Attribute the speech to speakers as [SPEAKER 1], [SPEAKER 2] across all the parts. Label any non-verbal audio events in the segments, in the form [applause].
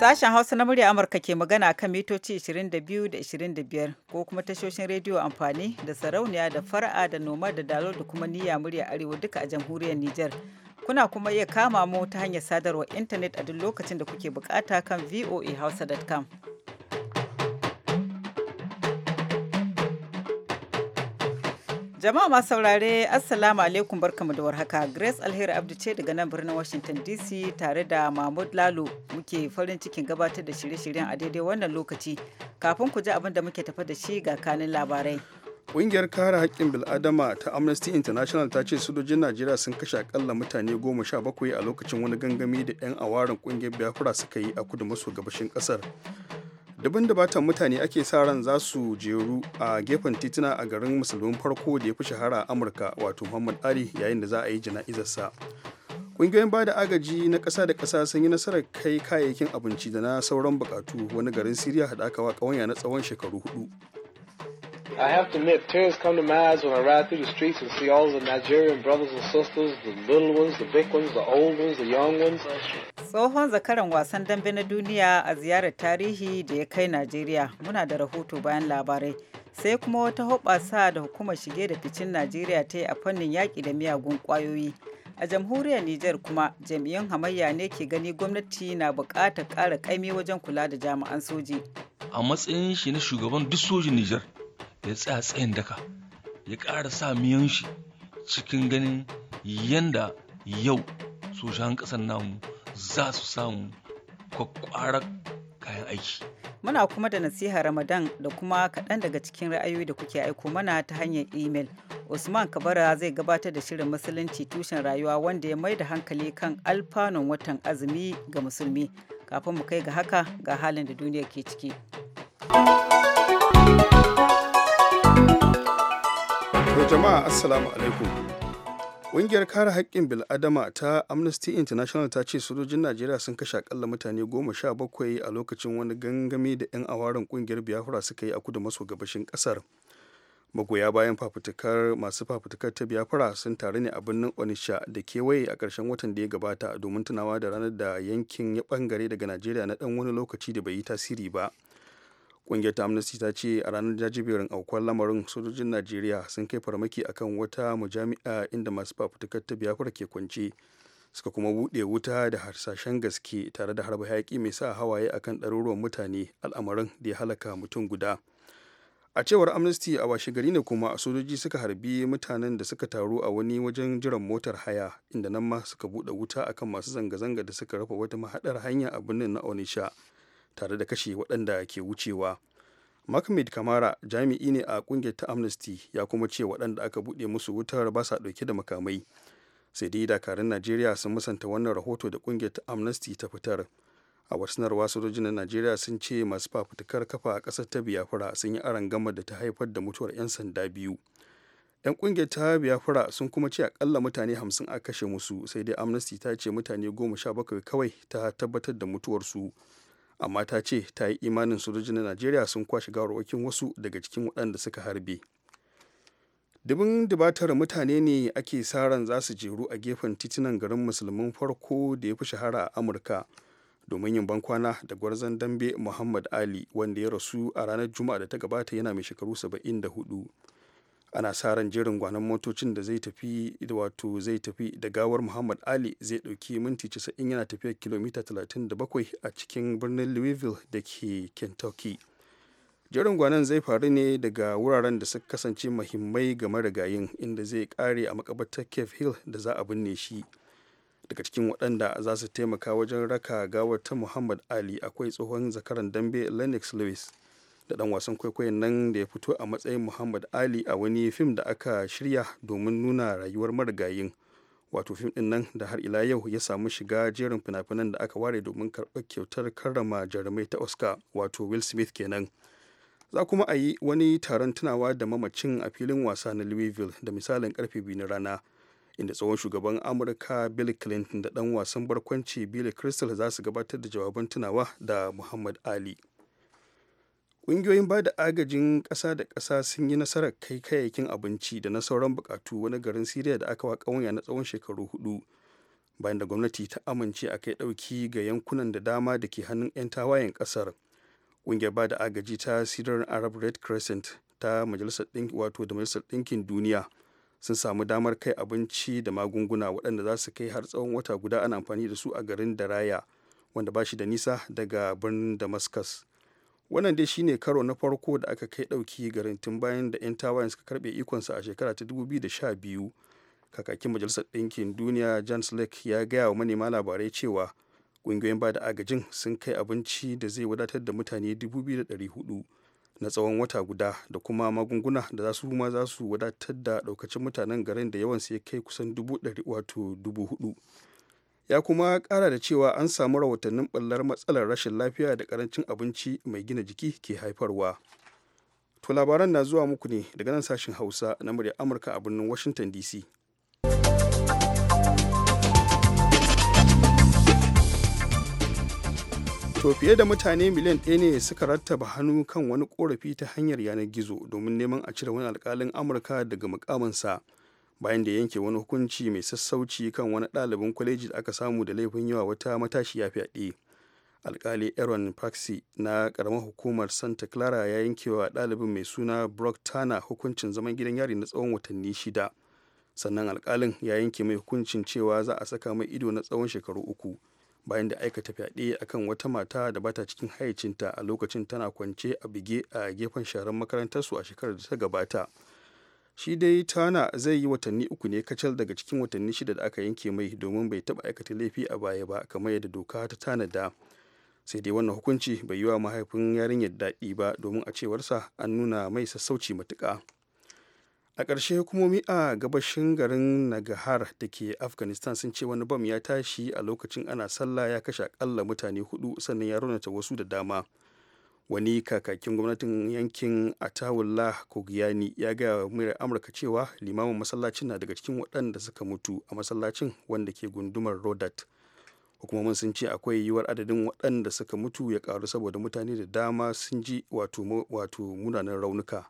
[SPEAKER 1] Sashen Hausa na murya Amurka ke magana kan mitoci 22 da 25 ko kuma tashoshin rediyo amfani da sarauniya da fara'a da noma da dalo da kuma niyya murya arewa duka a jamhuriyar Nijar. Kuna kuma iya kama mu ta hanyar sadarwar intanet a duk lokacin da kuke bukata kan voahausa.com. Jama'a masu saurare, Assalamu alaikum barkamu da warhaka. Grace Alheri Abdu ce daga nan birnin Washington DC tare da Mahmud Lalo muke farin cikin gabatar da shirye-shiryen a daidai wannan lokaci. Kafin ku ji abin da muke tafa da shi ga kanin labarai.
[SPEAKER 2] Ƙungiyar kare haƙƙin bil'adama ta Amnesty International ta ce sojojin Najeriya sun kashe akalla mutane goma sha bakwai a lokacin wani gangami da 'yan awarin ƙungiyar Biafra suka yi a kudu maso gabashin ƙasar. dubin dubatan mutane ake sa ran za su jeru a gefen tituna a garin musulmin farko da ya fi shahara a amurka wato muhammad ali yayin da za a yi jana'izarsa ƙungiyoyin ba da agaji na ƙasa da ƙasa sun yi nasarar kai kayayyakin abinci da na sauran buƙatu wani garin siriya da aka wa ƙawanya na tsawon shekaru hudu
[SPEAKER 3] I have to admit, tears come to my eyes when I ride through the streets and see all the Nigerian brothers and sisters, the little ones, the big ones, the old ones, the young ones.
[SPEAKER 1] tsohon zakaran wasan dambe na duniya a ziyarar tarihi da ya kai najeriya muna da rahoto bayan labarai sai kuma wata hoɓasa da hukumar shige da ficin najeriya ta yi a fannin yaƙi da miyagun ƙwayoyi a jamhuriyar nijar kuma jami'an hamayya ne ke gani gwamnati na buƙatar ƙara ƙaimi wajen kula da jami'an soji
[SPEAKER 4] a matsayin shi na shugaban duk sojin nijar ya tsaya tsayin daka ya ƙara sa miyan shi cikin ganin yanda yau sojan ƙasar namu za su samu kwakwarar kayan aiki.
[SPEAKER 1] Muna kuma da nasiha Ramadan da kuma kaɗan daga cikin ra'ayoyi da kuke aiko mana ta hanyar email. Usman Kabara zai gabatar da shirin Musulunci tushen rayuwa wanda ya mai da hankali kan alfanun watan azumi ga musulmi. Kafin mu kai ga haka ga halin da duniya ke ciki.
[SPEAKER 2] jama'a assalamu alaikum Ƙungiyar kare haƙƙin bil'adama ta Amnesty International ta ce sojojin Najeriya sun kashe akalla mutane goma sha bakwai a lokacin wani gangami da 'yan awarin ƙungiyar Biafra suka yi a kudu maso gabashin ƙasar. Magoya bayan fafutukar masu fafutukar ta Biafra sun taru ne a birnin onitsha da kewaye a ƙarshen watan da ya gabata domin tunawa da ranar da yankin ya ɓangare daga Najeriya na ɗan wani lokaci da bai yi tasiri ba. ƙungiyar ta amnesty ta ce a ranar jajiberin aukuwar lamarin sojojin najeriya sun kai farmaki akan wata majami'a inda masu fafutukar ta biyafura ke kwance suka kuma buɗe wuta da harsashen gaske tare da harba hayaƙi mai sa hawaye akan ɗaruruwan mutane al'amarin da ya halaka mutum guda a cewar amnesty a washe gari ne kuma sojoji suka harbi mutanen da suka taru a wani wajen jiran motar haya inda nan ma suka buɗe wuta akan masu zanga-zanga da suka rufe wata mahaɗar hanya a birnin na onisha tare da kashe waɗanda ke wucewa mahmud kamara jami'i ne a kungiyar ta amnesty ya kuma ce waɗanda aka buɗe musu wutar ba sa ɗauke da makamai sai dai dakarun najeriya sun musanta wannan rahoto da kungiyar ta amnesty ta fitar a wasu sojojin na najeriya sun ce masu fafutukar kafa a ƙasar ta biyafura sun yi aron gama da ta haifar da mutuwar 'yan sanda biyu 'yan ƙungiyar ta biyafura sun kuma ce akalla mutane hamsin a kashe musu sai dai amnesty ta ce mutane goma sha bakwai kawai ta tabbatar da mutuwarsu amma ta ce ta yi imanin sojojin na najeriya sun kwashe gawarwakin wasu daga cikin waɗanda suka harbe dubin dubatar mutane ne ake sa ran za su jeru a gefen titunan garin musulmin farko da ya fi shahara a amurka domin yin bankwana da gwarzon dambe muhammad ali wanda ya rasu a ranar juma'a da ta gabata yana mai shekaru 74 ana sa ran jerin gwanon motocin da zai tafi wato zai tafi da gawar muhammad ali zai dauki minti 90 yana tafiya kilomita 37 a cikin birnin louisville da ke kentucky jerin gwanon zai faru ne daga wuraren da suka kasance mahimmai ga marigayin inda zai kare a makabartar cave hill da za a binne shi daga cikin waɗanda za su taimaka wajen raka gawar ta muhammad ali akwai tsohon zakaran dambe lennox lewis da dan wasan kwaikwayon nan da ya fito a matsayin muhammad ali a wani fim da aka shirya domin nuna rayuwar marigayin wato fim din nan da har ila yau ya samu shiga jerin fina-finan da aka ware domin karɓar kyautar karrama jarumai ta oscar wato will smith kenan za kuma a yi wani taron tunawa da mamacin a filin wasa na louisville da misalin karfe biyu na rana inda tsohon shugaban amurka bill clinton da dan wasan barkwanci billy crystal za su gabatar da jawaban tunawa da muhammad ali ƙungiyoyin ba da agajin ƙasa da ƙasa sun yi nasarar kai kayayyakin abinci da na sauran buƙatu wani garin siriya da aka wa ƙawanya na tsawon shekaru hudu bayan da gwamnati ta amince a kai ɗauki ga yankunan da dama da ke hannun 'yan tawayen ƙasar ƙungiyar ba da agaji ta sirar arab red crescent ta majalisar wato da majalisar ɗinkin duniya sun samu damar kai abinci da magunguna waɗanda za su kai har tsawon wata guda ana amfani da su a garin daraya wanda ba shi da nisa daga birnin damascus wannan dai shine karo na farko da aka kai ɗauki garin tun bayan da 'yan tawayen suka karɓe ikonsa a shekara ta 2012 kakakin majalisar ɗinkin duniya john slake ya gaya wa manema labarai cewa ƙungiyoyin ba da agajin sun kai abinci da zai wadatar da mutane 2,400 na tsawon wata guda da kuma magunguna da za su ma za su wadatar da ɗaukacin mutanen garin da yawan ya kai kusan dubu wato dubu hudu ya kuma kara da cewa an samu rahotannin ballar matsalar rashin lafiya da karancin abinci mai gina jiki ke haifarwa to labaran na zuwa muku ne daga nan sashen hausa na murya amurka a birnin washington dc To fiye da mutane miliyan ɗaya ne suka rattaba hannu kan wani korafi ta hanyar yanar gizo domin neman a cire wani alkalin Amurka daga mukamansa bayan da yanke wani hukunci mai sassauci kan wani ɗalibin kwaleji da aka samu da laifin yawa wata matashiya fyaɗe alkali aaron paxi na karamar hukumar santa clara ya yankewa ɗalibin mai suna brock tana hukuncin zaman gidan yari na tsawon watanni shida sannan alkalin ya yanke mai hukuncin cewa za a saka mai ido na tsawon shekaru uku bayan da aikata fyaɗe a kan wata mata da bata cikin hayacinta a lokacin tana kwance a bige a gefen sharan makarantarsu a shekarar da ta gabata shi dai tana zai yi watanni uku ne kacal daga cikin watanni shida da aka yanke mai domin bai taba aikata laifi a baya ba kamar yadda doka ta tanada sai dai wannan hukunci bai yi wa mahaifin yarinyar daɗi ba domin a cewarsa an nuna mai sassauci matuka. a ƙarshe hukumomi a gabashin garin nagahar da ke afghanistan sun ce wani bam ya tashi a lokacin ana sallah ya kashe akalla mutane hudu sannan ya raunata wasu da dama wani kakakin gwamnatin yankin atawullah kogiyani ya gaya wa amurka cewa limamin masallacin na daga cikin waɗanda suka mutu a masallacin wanda ke gundumar rodat hukumomin sun ce akwai yiwuwar adadin waɗanda suka mutu ya ƙaru saboda mutane da dama sun ji wato munanan raunuka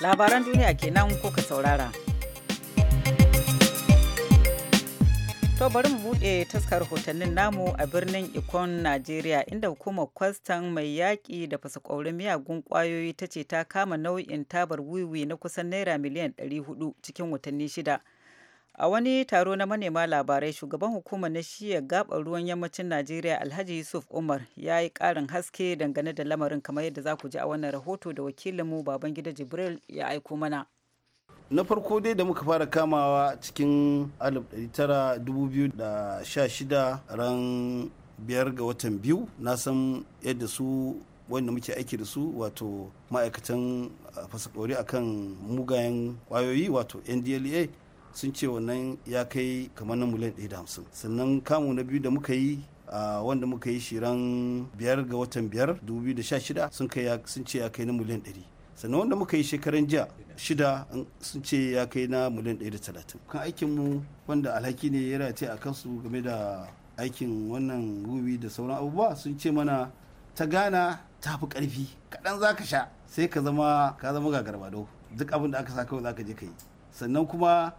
[SPEAKER 1] labaran duniya kenan ka saurara To bari mu buɗe taskar rahotannin namu a birnin Ikon, Najeriya inda hukumar kwastan mai yaƙi da fasakorin miyagun ƙwayoyi ta ce ta kama nau'in tabar wiwi na kusan naira miliyan 400 cikin watanni shida. A wani taro na manema labarai shugaban hukumar na shiya gaɓar ruwan yammacin Najeriya Alhaji Yusuf Umar ya yi ƙarin haske dangane da lamarin kamar yadda za ku ji a wannan rahoto da wakilinmu Babangida Jibril ya aiko mana.
[SPEAKER 5] na farko dai da muka fara kamawa cikin 1916 ran biyar ga watan biyu na san yadda su wanda muke aiki da su wato ma'aikatan fasadori akan mugayen kwayoyi wato ndla sun ce wannan ya kai kamar na miliyan 150 sannan kamu na biyu da muka yi a wanda muka yi shiran biyar ga watan biyar 2016 sun ce ya kai na miliyan 100 sannan wanda muka yi shekaran jiya shida sun ce ya kai na miliyan ɗaya da talatin kan aikinmu wanda alhaki ne ya race a kansu game da aikin wannan gubi da sauran abubuwa sun ce mana ta gana ta fi ƙarfi kaɗan za ka sha sai ka zama ka zama gagarbado duk abin da aka sa kawai za ka je ka yi sannan kuma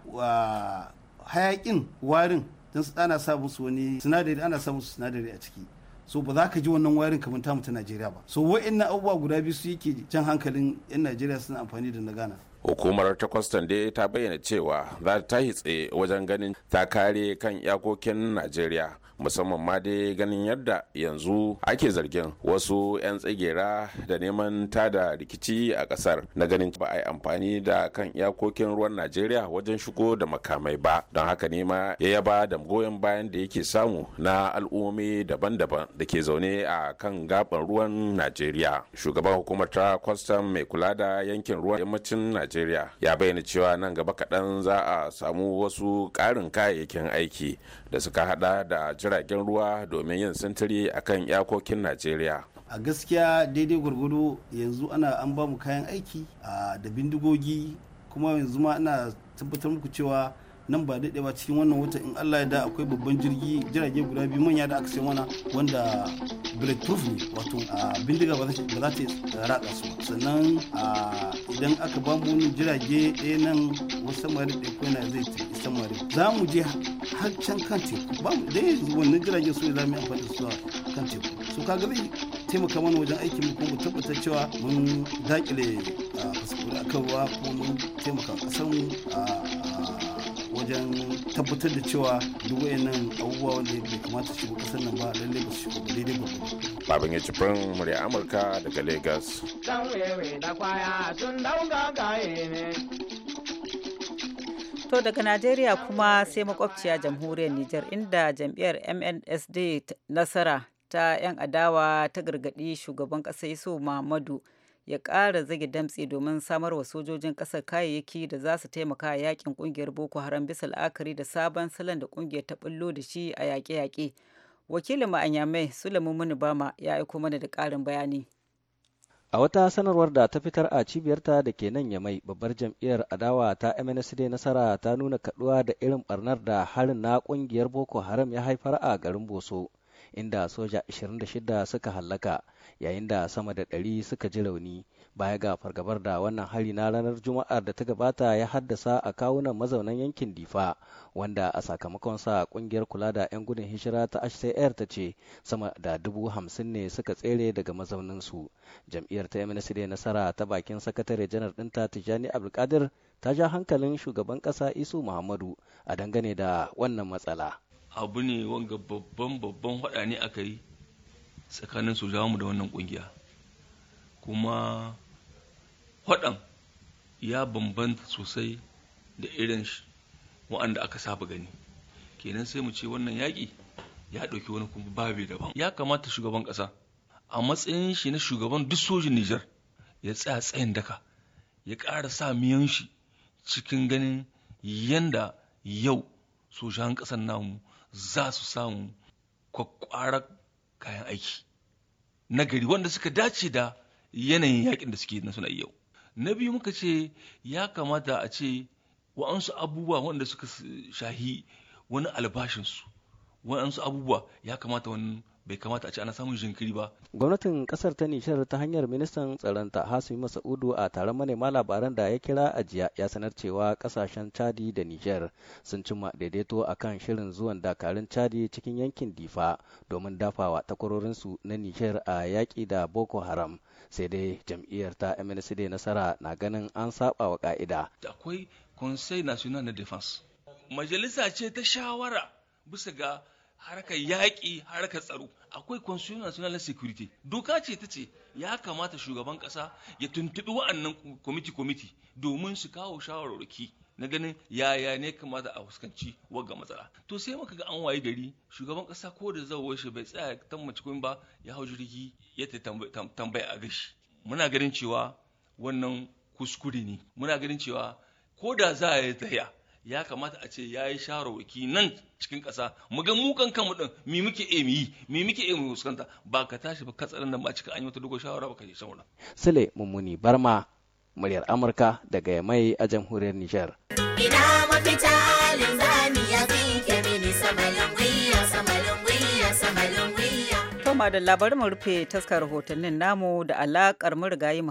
[SPEAKER 5] hayaƙin warin don ana sa musu wani sinadari ana sa musu sinadari a ciki so ba za ka ji wannan wayarin kamar ta ta najeriya ba so na abubuwa guda biyu su yake can hankalin 'yan najeriya suna amfani da na gana.
[SPEAKER 6] hukumar ta kwastan dai ta bayyana cewa za ta yi tsaye wajen ganin ta kare kan iyakokin najeriya musamman ma dai ganin yadda yanzu ake zargin wasu 'yan tsigera da neman tada rikici a kasar na ganin ba a yi amfani da kan iyakokin ruwan najeriya wajen shigo da makamai ba don haka ne ma ya yaba da goyon bayan da yake samu na al'ummomi daban-daban da ke zaune a kan gaban ruwan najeriya shugaban hukumar ta kwastam mai kula da yankin ruwan yammacin najeriya ya bayyana cewa nan gaba kaɗan za a samu wasu ƙarin kayayyakin aiki da suka hada da jiragen ruwa domin yin sintiri kan iyakokin najeriya
[SPEAKER 5] a gaskiya daidai gwargwado yanzu ana an ba mu kayan aiki ah, da bindigogi kuma yanzu ma ana tabbatar muku cewa nan ba daɗewa cikin wannan wata in Allah ya da akwai babban jirgi jirage guda biyu manya da aka sai mana wanda bulletproof ne wato a bindiga ba za ta ratsa su sannan idan aka ba mu wani jirage ɗaya nan wasu samarin ɗaya ko yana zai isa samarin za mu je har can kan teku ba mu dai wannan jirage su ne za mu yi amfani da su kan teku su ka zai taimaka mana wajen aiki mu ko mu tabbatar cewa mun dakile a kan ruwa ko mun taimaka kasan. mu a wajen tabbatar da cewa duk nan abubuwa wanda bai kamata shigo kasar nan ba lalle ba su shigo ba daidai ba
[SPEAKER 6] baban ya cifin murya amurka daga
[SPEAKER 1] lagos to daga najeriya kuma sai makwabciya jamhuriyar nijar inda jam'iyyar mnsd nasara ta 'yan adawa ta gargaɗi shugaban ƙasa yaso muhammadu ya ƙara zage damtse domin samar wa sojojin ƙasar kayayyaki da za su taimaka a yakin ƙungiyar boko haram bisa la'akari da sabon salon da ƙungiyar ta bullo da shi a yaƙe-yaƙe wakilin ma'anyamai sulaimu muni bama ya aiko mana da ƙarin bayani
[SPEAKER 7] a wata sanarwar da ta fitar a cibiyarta da ke nan yamai babbar jam'iyyar adawa ta mnsd nasara ta nuna kaduwa da irin barnar da harin na ƙungiyar boko haram ya haifar a garin boso inda soja 26 suka hallaka yayin da sama da ɗari suka ji rauni baya ga fargabar da wannan hari na ranar juma'ar da ta gabata ya haddasa a kawunan mazaunan yankin difa wanda a sakamakon sa kungiyar kula da 'yan gudun hijira ta hcr ta ce sama da dubu hamsin ne suka tsere daga mazaunin su jam'iyyar ta mnc nasara ta bakin sakatare janar ɗinta tijjani abdulkadir ta ja hankalin shugaban ƙasa isu muhammadu a dangane da wannan matsala
[SPEAKER 4] abu ne wanga babban babban hada ne aka yi tsakanin mu da wannan kungiya kuma hadan ya bambanta sosai da irin wa'anda aka saba gani kenan sai mu ce wannan yaƙi ya ɗauki wani kuma daban ya kamata shugaban ƙasa a matsayin shi na shugaban duk sojin Nijar ya tsaya tsayin daka ya ƙara sa miyan shi cikin ganin yanda yau sojan ƙasar namu za su samu ƙwaƙƙwarar kayan aiki na gari wanda suka dace da yanayin yakin da suke na suna yau na biyu muka ce ya kamata a ce wa'ansu abubuwa wanda suka shahi wani albashinsu wa'ansu abubuwa ya kamata wani bai kamata a ce ana samun jinkiri ba.
[SPEAKER 7] Gwamnatin kasar ta Nishar ta hanyar ministan tsaronta Hasimi Masaudu a taron manema labaran da ya kira ajiya, ya sanar cewa kasashen Chadi da Nijar sun cimma daidaito a kan shirin zuwan dakarun Chadi cikin yankin Difa domin dafawa takwarorinsu na Nijar a yaƙi da Boko Haram. Sai dai jam'iyyar ta MNCD Nasara na ganin an saba wa ka'ida.
[SPEAKER 4] Akwai Conseil National de Defense. Majalisa ce ta shawara bisa ga harkar yaƙi harkar tsaro akwai consumer national security doka ce ta ce ya kamata shugaban ƙasa ya tuntuɓi wa'annan kwamiti kwamiti domin su kawo shawararraki na ganin yaya ne kamata a fuskanci wagga matsala to sai muka ga an waye gari shugaban ƙasa ko da zai washe bai tsaya tambaci komai ba ya hau jirgi ya tambaya a gashi muna ganin cewa wannan kuskure ne muna ganin cewa ko da za a yi tsaya ya kamata a ce ya yi shawarwaki nan cikin ƙasa mu ga mukan kan kanmu ɗin, mi muke e mi mi muke e mu fuskanta ba ka tashi ba ka tsarin nan ba cika an yi wata dogon shawara ba ka je shawara
[SPEAKER 7] sule mummuni barma muryar amurka daga yamai a jamhuriyar nijar
[SPEAKER 1] ina mafita linzami ya mini samalin gwiya samalin gwiya samalin gwiya to da labarin mu rufe taskar rahotannin namu da alaƙar Murgayi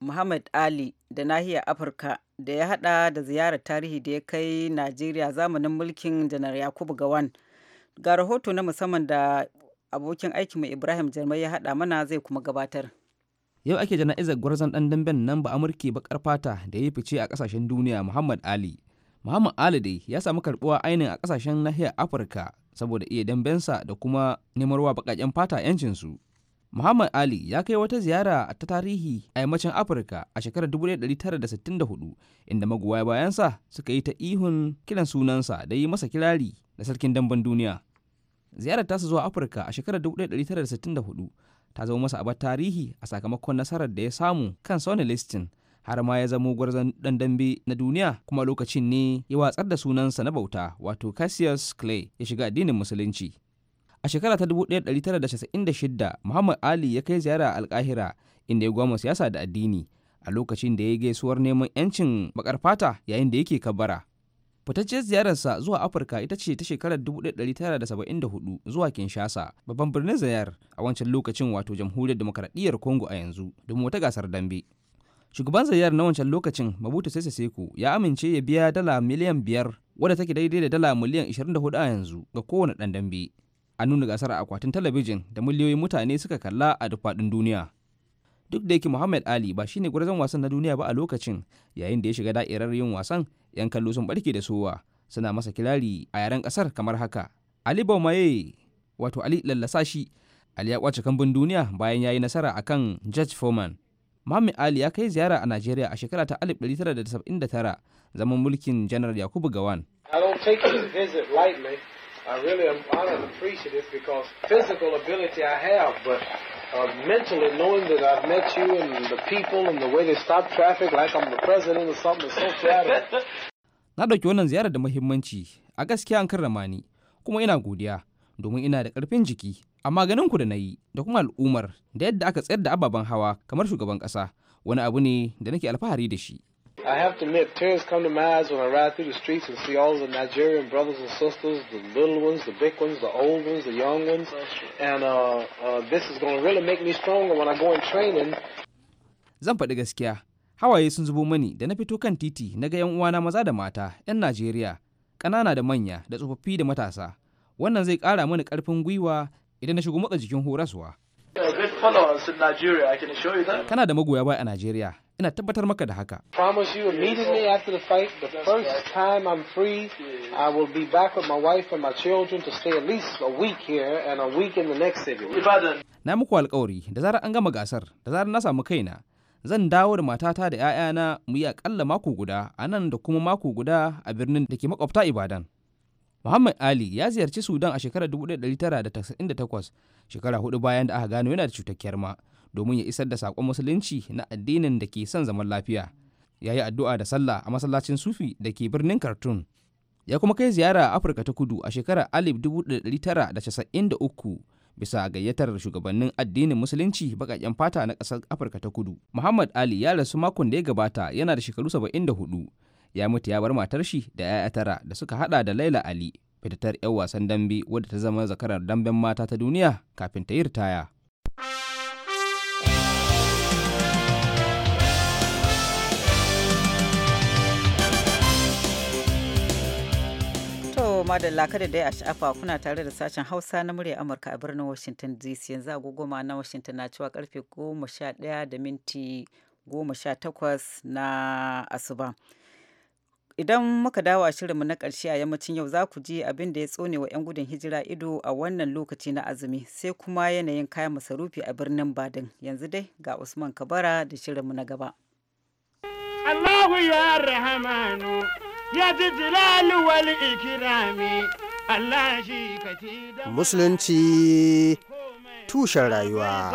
[SPEAKER 1] muhammad ali da nahiyar afirka da ya hada da ziyarar tarihi da ya kai Najeriya zamanin mulkin janar Yakubu Gawan. Ga rahoto na musamman da abokin aikinmu Ibrahim Jarmai ya hada mana zai kuma gabatar.
[SPEAKER 8] Yau ake jana'izar gwarzon ɗan damben nan ba Amurki baƙar fata da ya fice a kasashen duniya Muhammad Ali. Muhammad Ali dai ya samu karɓuwa ainihin a ƙasashen nahiyar Afirka saboda iya dambensa da kuma nemarwa baƙaƙen fata 'yancinsu. Muhammad Ali ya kai wata ziyara ta tarihi a yammacin Afirka a shekarar 1964 inda magoya bayansa suka yi ta ihun kiran sunansa da yi masa kirari da sarkin damben duniya. Ziyarar tasa zuwa Afirka a shekarar 1964 ta zama masa abar tarihi a sakamakon nasarar da ya samu kan Sony listin har ma ya zamo gwarzon dan dambe na duniya kuma lokacin ne ya watsar da sunansa na bauta wato Cassius Clay ya shiga addinin musulunci. a shekara ta 1996 muhammad ali ya kai ziyara a alkahira inda ya gwama siyasa da addini a lokacin da ya gaisuwar neman 'yancin bakar fata yayin da yake kabara fitacciyar ziyararsa zuwa afirka ita ce ta shekarar 1974 zuwa kinshasa babban birnin zayar a wancan lokacin wato jamhuriyar demokaradiyyar congo a yanzu domin wata gasar dambe shugaban zayar na wancan lokacin mabutu sese seko ya amince ya biya dala miliyan biyar wadda take daidai da dala miliyan 24 a yanzu ga kowane ɗan dambe an nuna gasar a akwatin talabijin da miliyoyin mutane suka kalla a duk faɗin duniya duk da yake Muhammad Ali ba shine gwarzon wasan na duniya ba a lokacin yayin da ya shiga da'irar yin wasan yan kallo sun barke da sowa suna masa kilari a yaren kasar kamar haka Ali Baumaye wato Ali lallasa shi Ali ya kwace kambun duniya bayan ya yi nasara akan judge Foreman Muhammad Ali ya kai ziyara a Najeriya a shekara ta 1979 zaman mulkin Janar Yakubu Gawan
[SPEAKER 3] I I really am honored and appreciative because physical ability I have, but uh, mentally knowing that I've met you and the people and the way they stop traffic like I'm the president or something is so flattering.
[SPEAKER 8] [laughs] Na ɗauki wannan ziyarar da muhimmanci a gaskiya an karrama ni kuma ina godiya domin ina da ƙarfin jiki amma ganin ku da na yi da kuma al'ummar da yadda aka tsayar da ababen hawa kamar shugaban ƙasa wani abu ne da nake alfahari da shi.
[SPEAKER 3] I have to admit, tears come to my eyes when I ride through the streets and see all the Nigerian brothers and sisters, the little ones, the big ones, the old ones, the young ones. And uh, uh, this is going to really make me stronger when I go in training.
[SPEAKER 8] Zan faɗi gaskiya, hawaye sun zubo mani da na fito kan titi na ga 'yan uwana maza da mata, 'yan Najeriya, ƙanana da manya, da tsofaffi da matasa. Wannan zai ƙara mani ƙarfin gwiwa idan na shigo matsa jikin horaswa. Kana da magoya baya a Najeriya, ina tabbatar maka da haka. Na muku alkawari da zarar an gama gasar da zarar na samu kaina zan dawo da matata da 'ya'yana mu yi akalla mako guda a nan da kuma mako guda a birnin da ke makwabta Ibadan. Muhammad Ali ya ziyarci Sudan a shekarar 1998 shekara hudu bayan da aka gano yana da cutar kyarma domin ya isar da saƙon musulunci na addinin da ke son zaman lafiya ya yi addu'a da sallah a masallacin sufi da ke birnin khartoum ya kuma kai ziyara a afirka ta kudu a shekarar da da casa'in uku bisa gayyatar shugabannin addinin musulunci baƙaƙen fata na ƙasar afirka ta kudu muhammad ali ya rasu makon da ya gabata yana da shekaru hudu ya mutu ya bar matar shi da 'ya'ya tara da suka haɗa da laila ali fitattar 'yan wasan dambe wadda ta zama zakarar damben mata ta duniya kafin ta yi ritaya.
[SPEAKER 1] da laka da dai a sha'afa kuna tare da sashen Hausa na murya Amurka a birnin Washington DC yanzu agogoma na Washington na cewa karfe 11 da minti 18 na asuba. Idan muka dawo a shirinmu na karshe a yammacin yau za ku ji abin da ya tsone wa 'yan gudun hijira ido a wannan lokaci na azumi sai kuma yanayin kayan masarufi a birnin Badin. Yanzu dai ga Usman Kabara da shirinmu na gaba.
[SPEAKER 9] Allahu ya rahamanu
[SPEAKER 5] ya wal
[SPEAKER 10] musulunci tushen rayuwa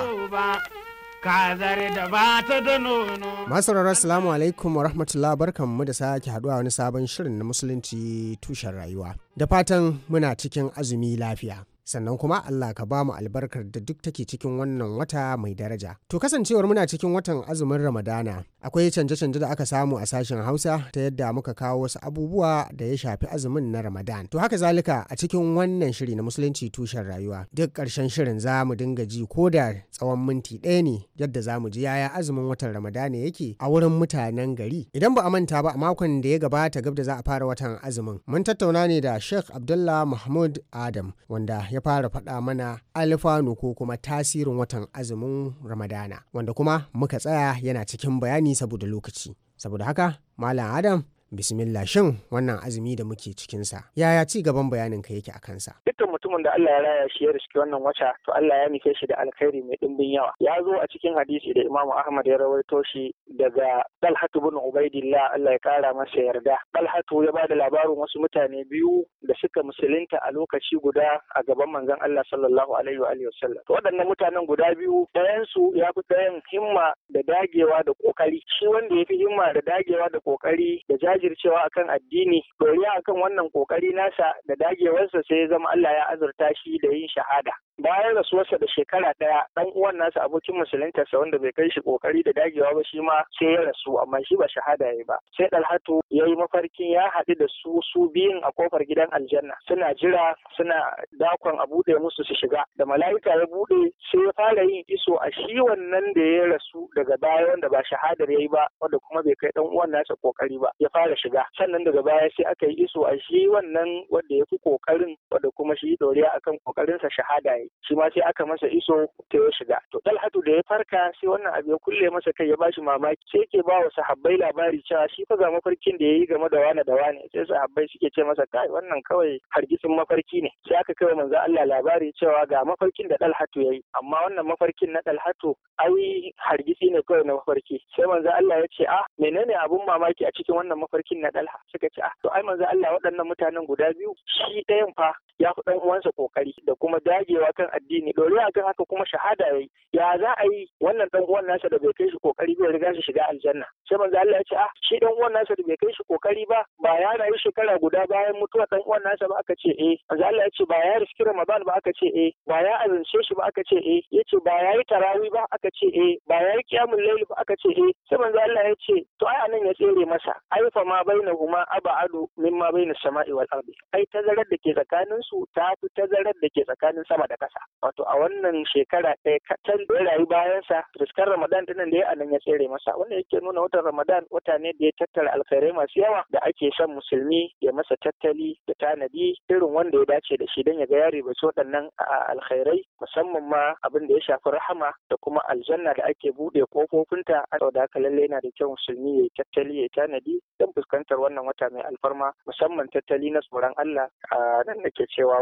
[SPEAKER 5] nono.
[SPEAKER 10] Masarar Assalamu alaikum wa rahmatullah mu da sake haduwa wani sabon shirin na musulunci tushen rayuwa. Da fatan muna cikin azumi lafiya. sannan kuma Allah ka ba mu albarkar da duk take cikin wannan wata mai daraja. To kasancewar muna cikin watan azumin Ramadana, akwai canje-canje da aka samu a sashen Hausa ta yadda muka kawo wasu abubuwa da ya shafi azumin na Ramadan. To haka zalika a cikin wannan shiri na Musulunci tushen rayuwa, duk ƙarshen shirin za mu dinga ji ko da tsawon minti ɗaya ne yadda za mu ji yaya azumin watan Ramadana yake a wurin mutanen gari. Idan ba a manta ba a makon da ya gabata gab da za a fara watan azumin, mun tattauna ne da Sheikh Abdullah Mahmud Adam wanda ya fara faɗa mana alfanu ko kuma tasirin watan azumin ramadana wanda kuma muka tsaya yana cikin bayani saboda lokaci saboda haka malam adam bismillah shin wannan azumi da muke cikinsa yaya ci gaban bayanin ka yake a kansa dukkan
[SPEAKER 11] mutumin da Allah ya raya shi ya riski wannan wata to Allah ya nufe shi da alkhairi mai dimbin yawa ya zo a cikin hadisi da Imam Ahmad ya rawaito shi daga Talhat ibn Ubaidillah Allah ya kara masa yarda Talhat ya ba da labarin wasu mutane biyu da suka musulunta a lokaci guda a gaban manzon Allah sallallahu alaihi wa alihi to waɗannan mutanen guda biyu ɗayan su ya fi ɗayan himma da dagewa da kokari shi wanda ya fi himma da dagewa da kokari da jajircewa akan addini doriya akan wannan kokari nasa da dagewarsa sai ya zama Allah ya azurta shi da yin shahada bayan rasuwarsa da shekara ɗaya ɗan uwan nasa abokin musuluntarsa wanda bai kai shi kokari da dagewa ba shi ma sai ya rasu amma shi ba shahada ya ba sai dalhatu ya yi mafarkin ya haɗu da su su biyun a kofar gidan aljanna suna jira suna dakon a buɗe musu su shiga da mala'ika ya buɗe sai ya fara yin iso a shi wannan da ya rasu daga baya wanda ba shahadar ya yi ba wanda kuma bai kai ɗan uwan nasa kokari ba ya fara shiga sannan daga baya sai aka yi iso a shi wannan wanda ya fi kokarin wanda kuma shi doriya akan kokarinsa shahada ya shi ma sai aka masa iso ta ya shiga to dalhatu da ya farka sai wannan abu ya kulle masa kai ya bashi mamaki sai yake ba wa sahabbai labari cewa shi fa ga mafarkin da ya yi game da wane da wane sai sahabbai suke ce masa kai wannan kawai hargitsin mafarki ne sai aka kai manzo Allah labari cewa ga mafarkin da dalhatu ya yi amma wannan mafarkin na dalhatu ai hargitsi ne kawai na mafarki sai manzo Allah ya ce ah menene abun mamaki a cikin wannan mafarkin na dalha suka ce ah to ai manzo Allah waɗannan mutanen guda biyu shi ɗayan fa ya fi dan uwansa kokari da kuma dagewa kan addini dorewa kan haka kuma shahada yayi ya za a yi wannan dan uwan nasa da bai kai shi kokari bai riga shi shiga aljanna sai manzo Allah ya ce ah shi dan uwan nasa da bai kai shi kokari ba ba ya rayu shekara guda bayan mutuwa dan uwan nasa ba aka ce eh manzo Allah ya ce ba ya riski Ramadan ba aka ce eh ba ya azance shi ba aka ce eh ce ba ya yi tarawih ba aka ce eh ba ya yi qiyamul layl ba aka ce eh sai manzo Allah ya ce to ai anan ya tsere masa ai fa ma bainahuma aba'adu mimma bainas sama'i wal ardi ai tazarar da ke tsakanin su ta fi tazarar da ke tsakanin sama da ƙasa wato a wannan shekara ɗaya kaɗan da rayu sa. riskar ramadan dinan da ya anan ya tsere masa wannan yake nuna watan ramadan wata ne da ya tattara alkhairai masu yawa da ake son musulmi ya masa tattali da tanadi irin wanda ya dace da shi don ya ga ba su waɗannan alkhairai musamman ma abin da ya shafi rahama da kuma aljanna da ake buɗe kofofinta a da aka lallai yana da kyau musulmi ya yi tattali ya tanadi don fuskantar wannan wata mai alfarma musamman tattali na tsoron Allah a nan da cewa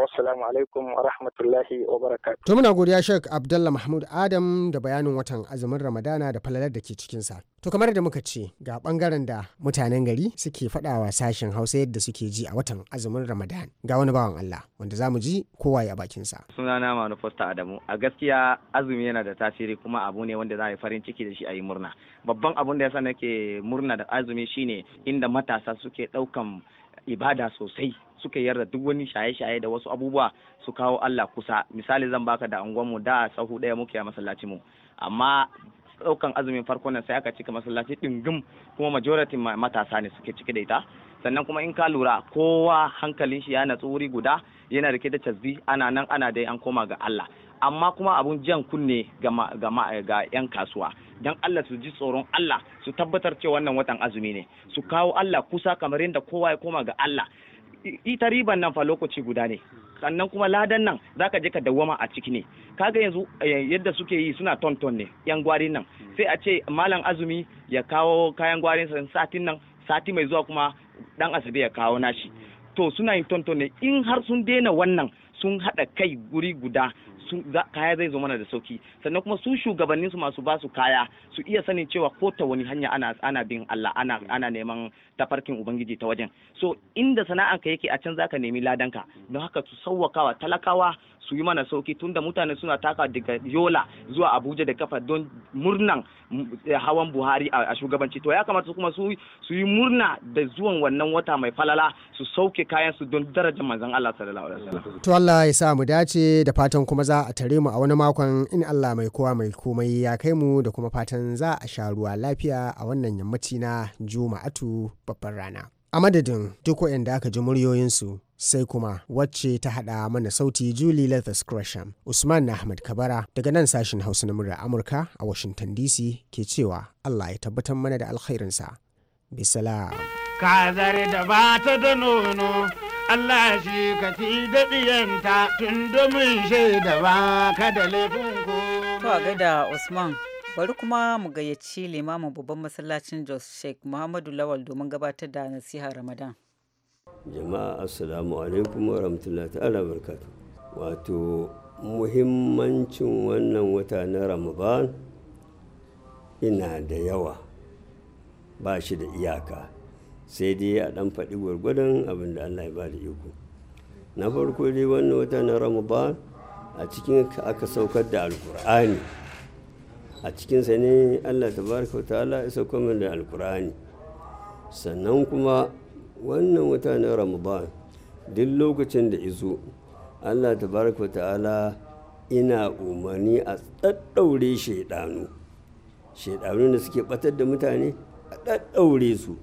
[SPEAKER 11] alaikum wa rahmatullahi wa barakatuh.
[SPEAKER 10] To muna godiya Sheikh Abdalla Mahmud Adam da bayanin watan azumin Ramadana da falalar da ke cikinsa. To kamar da muka ce ga bangaren da mutanen gari suke faɗawa sashen Hausa yadda suke ji a watan azumin Ramadan. Ga wani bawan Allah wanda zamu ji kowa ya bakin sa.
[SPEAKER 12] Sunana fosta Adamu. A gaskiya azumi yana da tasiri kuma abu ne wanda za a yi farin ciki da shi a yi murna. Babban abun da yasa nake murna da azumi shine inda matasa suke ɗaukan ibada sosai suka yarda duk wani shaye-shaye da wasu abubuwa su kawo Allah kusa misali zan baka da mu da sahu ɗaya muke a masallaci mu amma ɗaukan azumin farko nan sai aka cika masallaci ɗingim kuma majority matasa ne suke cike da ita sannan kuma in ka lura kowa hankalin shi ya tsuri guda yana rike da tasbi ana nan ana dai an koma ga Allah amma kuma abun jan kunne ga 'yan kasuwa don Allah su ji tsoron Allah su tabbatar cewa wannan watan azumi ne su kawo Allah kusa kamar yadda kowa ya koma ga Allah ita riban nan fa lokaci guda ne sannan kuma ladan nan ka je ka dawwama a ciki ne kaga yanzu eh, yadda suke yi suna tonton ne yan gwarin nan hmm. sai a ce malam azumi ya kawo kayan gwarin sa satin nan sati mai zuwa kuma dan asibi ya kawo nashi hmm. to suna yin tonton ne in har sun daina wannan sun haɗa kai guri guda kaya zai zo mana da sauki sannan kuma su shugabannin su masu basu kaya su iya sanin cewa ko ta wani hanya ana ana bin Allah ana ana neman tafarkin ubangiji ta wajen so inda sana'anka yake a can zaka nemi ladanka don haka su sauwakawa talakawa su yi mana sauki tunda mutane suna taka daga yola zuwa abuja da kafa don murnan eh, hawan buhari a shugabanci to ya kamata kuma su yi murna da zuwan wannan wata mai falala su sauke kayan su don darajar manzon allah sallallahu alaihi wasallam
[SPEAKER 10] to allah ya sa mu dace da fatan kuma za a tare mu a wani makon in allah mai kowa mai komai ya kai mu da kuma fatan za a sha ruwa lafiya a wannan yammaci na juma'atu babban rana a madadin duk waɗanda aka ji muryoyinsu sai kuma wacce ta haɗa mana sauti Julie Lathis Gresham, Usman Ahmad Kabara daga nan sashen Hausa na murar Amurka a Washington DC ke cewa Allah ya tabbatar mana da alkhairinsa. Bisalam.
[SPEAKER 5] Kazar da ba da nono, Allah shi ka fi daɗiyanta tun
[SPEAKER 1] shaida ba ka laifin ko. To a Usman, bari kuma mu gayyaci limamin babban masallacin Jos sheik Muhammadu Lawal domin gabatar da nasiha Ramadan.
[SPEAKER 9] jama'a assalamu alaikum wa rahmatullahi ta'ala barkatu wato muhimmancin wannan wata na ramadan ina da yawa ba shi da iyaka sai dai a dan faɗi gwargwadon abin da allah ya ba da iko na farko dai wannan wata na ramadan a cikin aka saukar da alkur'ani a cikinsa ne allah ta tabaraka wa ta'ala ya saukar da alkur'ani sannan kuma wannan wata na ramadan duk lokacin da izo allah ta tabaraka ta'ala ina umarni a tsaddaure shaidanu shaidanu da suke batar da mutane a tsaddaure su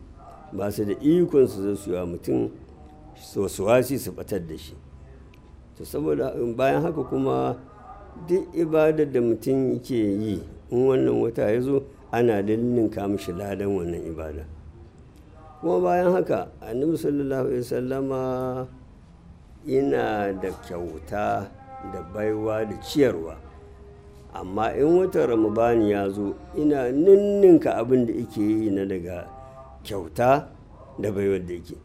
[SPEAKER 9] ba su da ikon su zai suwa mutum wasi su batar da shi to saboda bayan haka kuma duk ibadar da mutum yake yi in wannan wata ya zo ana dalilin kamishi ladan wannan ibada kuma bayan haka annabi sallallahu alaihi wasallama yana da kyauta da baiwa da ciyarwa amma in watan ramadan ya zo ina ninninka abin da yake yi na daga kyauta da baiwar da yake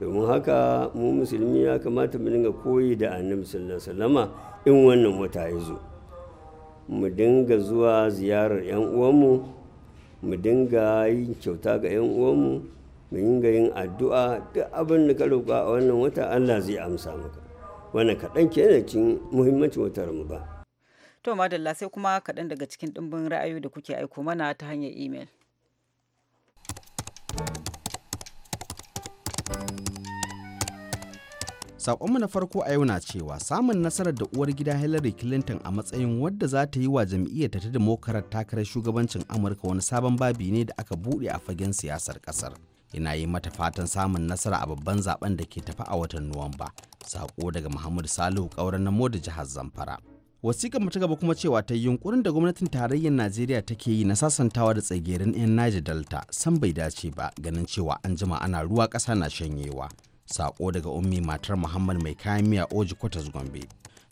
[SPEAKER 9] domin haka mu musulmi ya kamata mu dinga koyi da annabi sallallahu alaihi wasallama in wannan wata ya zo mu dinga zuwa ziyarar 'yan uwanmu mu dinga yin kyauta ga 'yan uwanmu mu dinga yin addu'a duk abin da ka roƙa a wannan wata Allah zai amsa maka wannan kaɗan ke da cikin muhimmancin wata ba
[SPEAKER 1] To madalla sai kuma kaɗan daga cikin ɗimbin ra'ayoyi da kuke aiko mana ta hanyar imel.
[SPEAKER 6] saƙonmu na farko a yau na cewa samun nasarar da uwar gida Hillary Clinton a matsayin wadda za ta yi wa jam'iyyar ta Democrat takarar shugabancin Amurka wani sabon babi ne da aka buɗe a fagen siyasar ƙasar. yana yi mata fatan samun nasara a babban zaben da ke tafi a watan nuwamba sako daga muhammadu salihu kauran namo da jihar zamfara wasiƙar ta gaba kuma cewa ta yunkurin da gwamnatin tarayyar najeriya take yi na sasantawa da tsagerin 'yan naji delta san bai dace ba ganin cewa an jima ana ruwa ƙasa na shanyewa sako daga ummi matar muhammad mai kayan miya oji kwatas gombe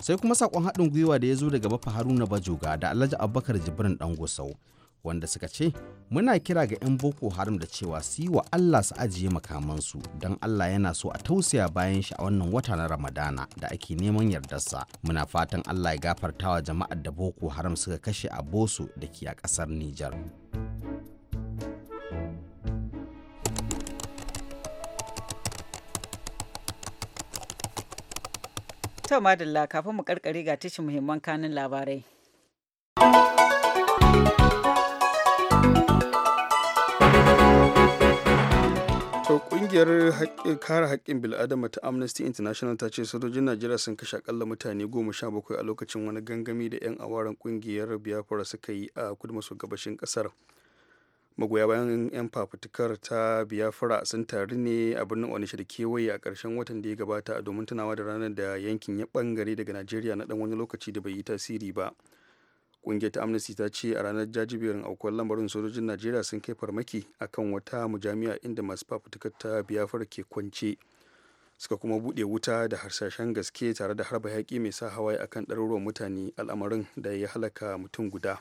[SPEAKER 6] sai kuma saƙon haɗin gwiwa da ya zo daga bafa haruna bajoga da alhaji abubakar jibrin dan gusau wanda suka ce muna kira ga 'yan boko haram da cewa su yi wa allah su ajiye makamansu don allah yana so a tausaya bayan shi a wannan wata na ramadana da ake neman yardarsa muna fatan allah ya gafarta wa jama'ar da boko haram suka kashe a boso da ke a kasar nijar
[SPEAKER 1] To madalla kafin mu karkare ga tashin muhimman kanin labarai.
[SPEAKER 2] Ƙungiyar kare haƙƙin bil'adama ta Amnesty International ta ce sojojin Najeriya sun kashe akalla mutane goma sha bakwai a lokacin wani gangami da 'yan awaren kungiyar Biafra suka yi a kudu maso gabashin ƙasar. Magoya bayan 'yan fafutukar ta Biafra sun taru ne a birnin Onitsha da kewaye a ƙarshen watan da ya gabata domin tunawa da ranar da yankin ya ɓangare daga Najeriya na ɗan wani lokaci da bai yi tasiri ba. Ƙungiyar ta Amnesty ta ce a ranar jajiberin aukuwar lamarin sojojin Najeriya sun kai farmaki akan wata mujamiya inda masu fafutukar ta biyafar ke kwance. Suka kuma buɗe wuta da harsashen gaske tare da harba yaƙi mai sa hawaye akan ɗaruruwan mutane al'amarin da ya halaka mutum guda.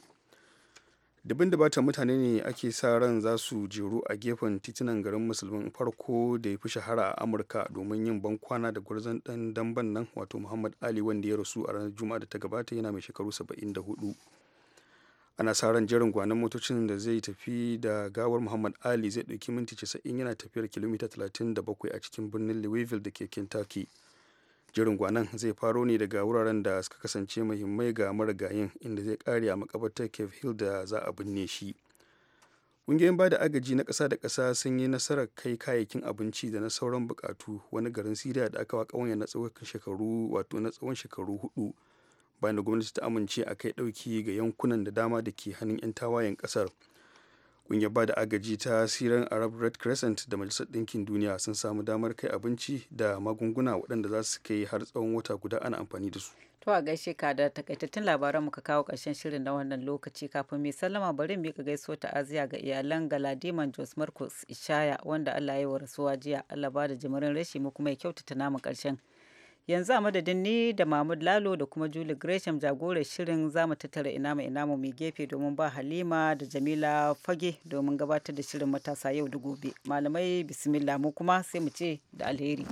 [SPEAKER 2] dubin dubatan mutane ne ake sa ran za su jeru a gefen titunan garin musulmin farko da ya fi shahara a amurka domin yin ban kwana da gwarzon dan damban nan wato muhammad ali wanda ya rasu a ranar juma'a da ta gabata yana mai shekaru 74 ana sa ran jerin gwanon motocin da zai tafi da gawar muhammad ali zai ɗauki minti 90 yana tafiyar kilomita 37 a cikin birnin louisville da ke kentucky jirin gwanan zai faro ne daga wuraren da suka kasance muhimmai ga marigayin inda zai kare a makabartar cave hill da za a binne shi ƙungiyoyin ba da agaji na ƙasa da ƙasa sun yi nasarar kai kayayyakin abinci da na sauran buƙatu wani garin siriya da aka wa ƙauye na tsawon shekaru wato na tsawon shekaru hudu bayan da gwamnati ta amince a kai ɗauki ga yankunan da dama da ke hannun 'yan tawayen ƙasar kungiyar ba da agaji ta siren arab red crescent da majalisar ɗinkin duniya sun samu damar kai abinci da magunguna waɗanda za su kai har tsawon wata guda ana amfani da su
[SPEAKER 1] to a gaishe ka da takaitattun labaran ka kawo ƙarshen shirin na wannan lokaci kafin mai sallama bari mu ka gaisuwa aziya ga iyalan galadiman jos marcus ishaya wanda allah ya yi wa rasuwa jiya allah ba da jimarin rashi mu kuma ya kyautata namu ƙarshen yanzu a madadin ni da mahmud lalo da kuma julie gresham jagorar shirin zamu tattara ina mai ina mai gefe domin ba halima da jamila fage domin gabatar da shirin matasa yau da gobe malamai bismillah mu kuma sai mu ce da alheri